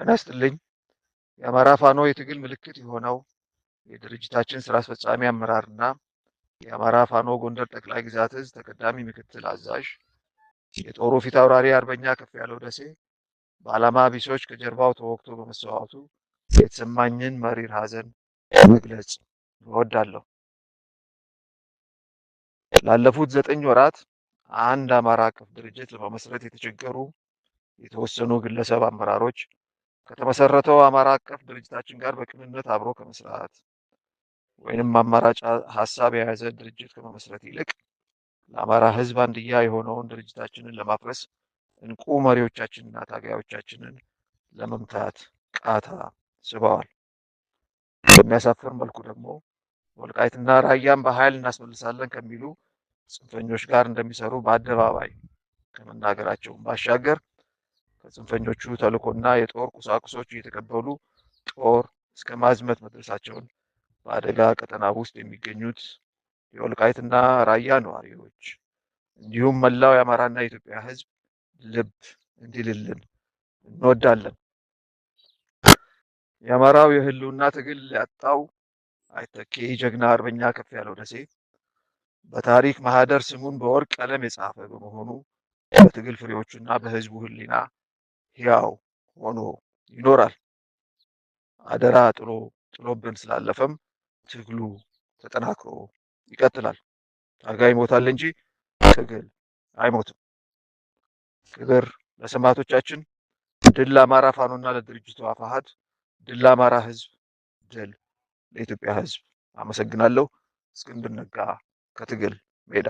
ጤና የአማራ ፋኖ የትግል ምልክት የሆነው የድርጅታችን ስራ አስፈጻሚ አመራርና የአማራ ፋኖ ጎንደር ጠቅላይ ግዛት እዝ ተቀዳሚ ምክትል አዛዥ የጦሩ ፊት አውራሪ አርበኛ ከፍ ያለው ደሴ በዓላማ ቢሶች ከጀርባው ተወቅቶ በመሰዋቱ የተሰማኝን መሪር ሐዘን መግለጽ እወዳለሁ። ላለፉት ዘጠኝ ወራት አንድ አማራ አቀፍ ድርጅት ለመመስረት የተቸገሩ የተወሰኑ ግለሰብ አመራሮች ከተመሰረተው አማራ አቀፍ ድርጅታችን ጋር በቅንነት አብሮ ከመስራት ወይንም አማራጭ ሀሳብ የያዘ ድርጅት ከመመስረት ይልቅ ለአማራ ሕዝብ አንድያ የሆነውን ድርጅታችንን ለማፍረስ እንቁ መሪዎቻችንና ታጋዮቻችንን ለመምታት ቃታ ስበዋል። በሚያሳፍር መልኩ ደግሞ ወልቃይትና ራያን በኃይል እናስመልሳለን ከሚሉ ጽንፈኞች ጋር እንደሚሰሩ በአደባባይ ከመናገራቸውን ባሻገር ከጽንፈኞቹ ተልእኮና የጦር ቁሳቁሶች እየተቀበሉ ጦር እስከ ማዝመት መድረሳቸውን በአደጋ ቀጠና ውስጥ የሚገኙት የወልቃይትና ራያ ነዋሪዎች እንዲሁም መላው የአማራና የኢትዮጵያ ሕዝብ ልብ እንዲልልን እንወዳለን። የአማራው የህልውና ትግል ያጣው አይተኬ ጀግና አርበኛ ከፍ ያለው ደሴ በታሪክ ማህደር ስሙን በወርቅ ቀለም የጻፈ በመሆኑ በትግል ፍሬዎቹና በህዝቡ ህሊና ሕያው ሆኖ ይኖራል። አደራ ጥሎ ጥሎብን ስላለፈም ትግሉ ተጠናክሮ ይቀጥላል። ታጋይ ይሞታል እንጂ ትግል አይሞትም። ክብር ለሰማዕታቶቻችን። ድል አማራ ፋኖና ለድርጅቱ አፋሃድ። ድል አማራ ህዝብ። ድል ለኢትዮጵያ ህዝብ። አመሰግናለሁ። እስክንድር ነጋ ከትግል ሜዳ